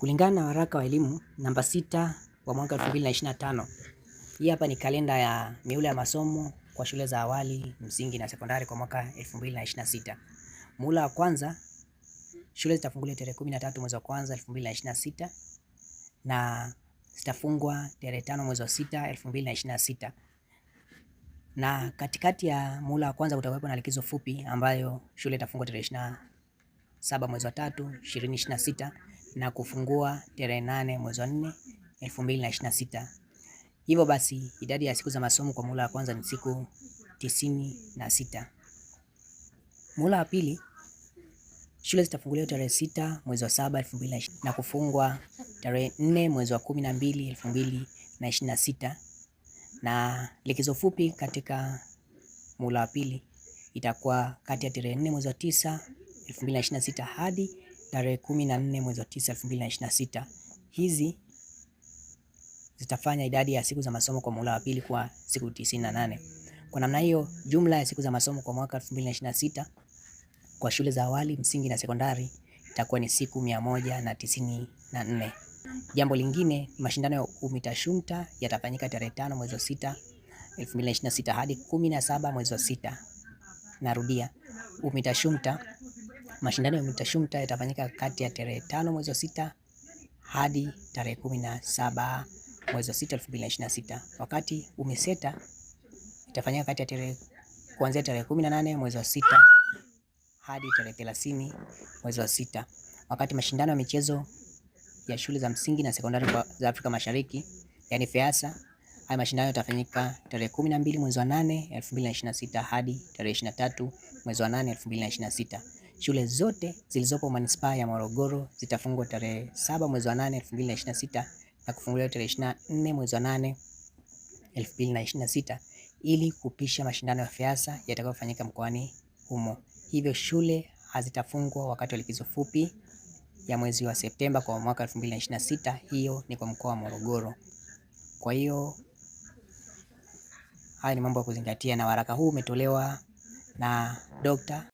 Kulingana na waraka wa elimu namba sita wa mwaka 2025. Hii hapa ni kalenda ya miula ya masomo kwa shule za awali, msingi na sekondari kwa mwaka 2026. Muula wa kwanza shule zitafungulia tarehe 13 mwezi wa kwanza 2026 na zitafungwa tarehe 5 mwezi wa sita 2026. Na katikati ya muula wa kwanza kutakuwepo na likizo fupi ambayo shule itafungwa tarehe 27 mwezi wa tatu 2026 na kufungua tarehe nane mwezi wa nne elfu mbili na ishirini na sita. Hivyo basi idadi ya siku za masomo kwa muhula wa kwanza ni siku tisini na sita. Muhula wa pili shule zitafunguliwa tarehe sita mwezi wa saba elfu mbili na na kufungwa tarehe nne mwezi wa kumi na mbili elfu mbili na ishirini na sita na likizo fupi katika muhula wa pili itakuwa kati ya tarehe nne mwezi wa tisa elfu mbili na ishirini na sita hadi tarehe kumi na nne mwezi wa tisa elfu mbili na ishirini na sita. Hizi zitafanya idadi ya siku za masomo kwa muhula wa pili kuwa siku tisini na nane. Kwa namna hiyo, jumla ya siku za masomo kwa mwaka 2026 kwa shule za awali, msingi na sekondari itakuwa ni siku mia moja na tisini na nne. Jambo lingine, mashindano ya UMITASHUMTA yatafanyika tarehe tano mwezi wa sita 2026 hadi 17 mwezi wa sita. Narudia, UMITASHUMTA Mashindano ya mitashumta yatafanyika kati ya tarehe tano mwezi wa sita hadi tarehe kumi na saba mwezi wa sita elfu mbili na ishirini na sita. Wakati umeseta itafanyika kati ya tarehe kuanzia tarehe kumi na nane mwezi wa sita hadi tarehe thelathini mwezi wa sita. Wakati mashindano ya michezo ya shule za msingi na sekondari za Afrika Mashariki yani FEASA, haya mashindano yatafanyika tarehe kumi na mbili mwezi wa nane elfu mbili na ishirini na sita hadi tarehe ishirini na tatu mwezi wa nane elfu mbili na ishirini na sita. Shule zote zilizopo manispaa ya Morogoro zitafungwa tarehe saba mwezi wa nane elfu mbili na ishirini na sita na kufunguliwa tarehe ishirini na nne mwezi wa nane elfu mbili na ishirini na sita ili kupisha mashindano ya Feasa yatakayofanyika mkoani humo. Hivyo shule hazitafungwa wakati wa likizo fupi ya mwezi wa Septemba kwa mwaka 2026. Hiyo ni kwa mkoa wa Morogoro. Kwa hiyo haya ni mambo ya kuzingatia, na waraka huu umetolewa na Dr.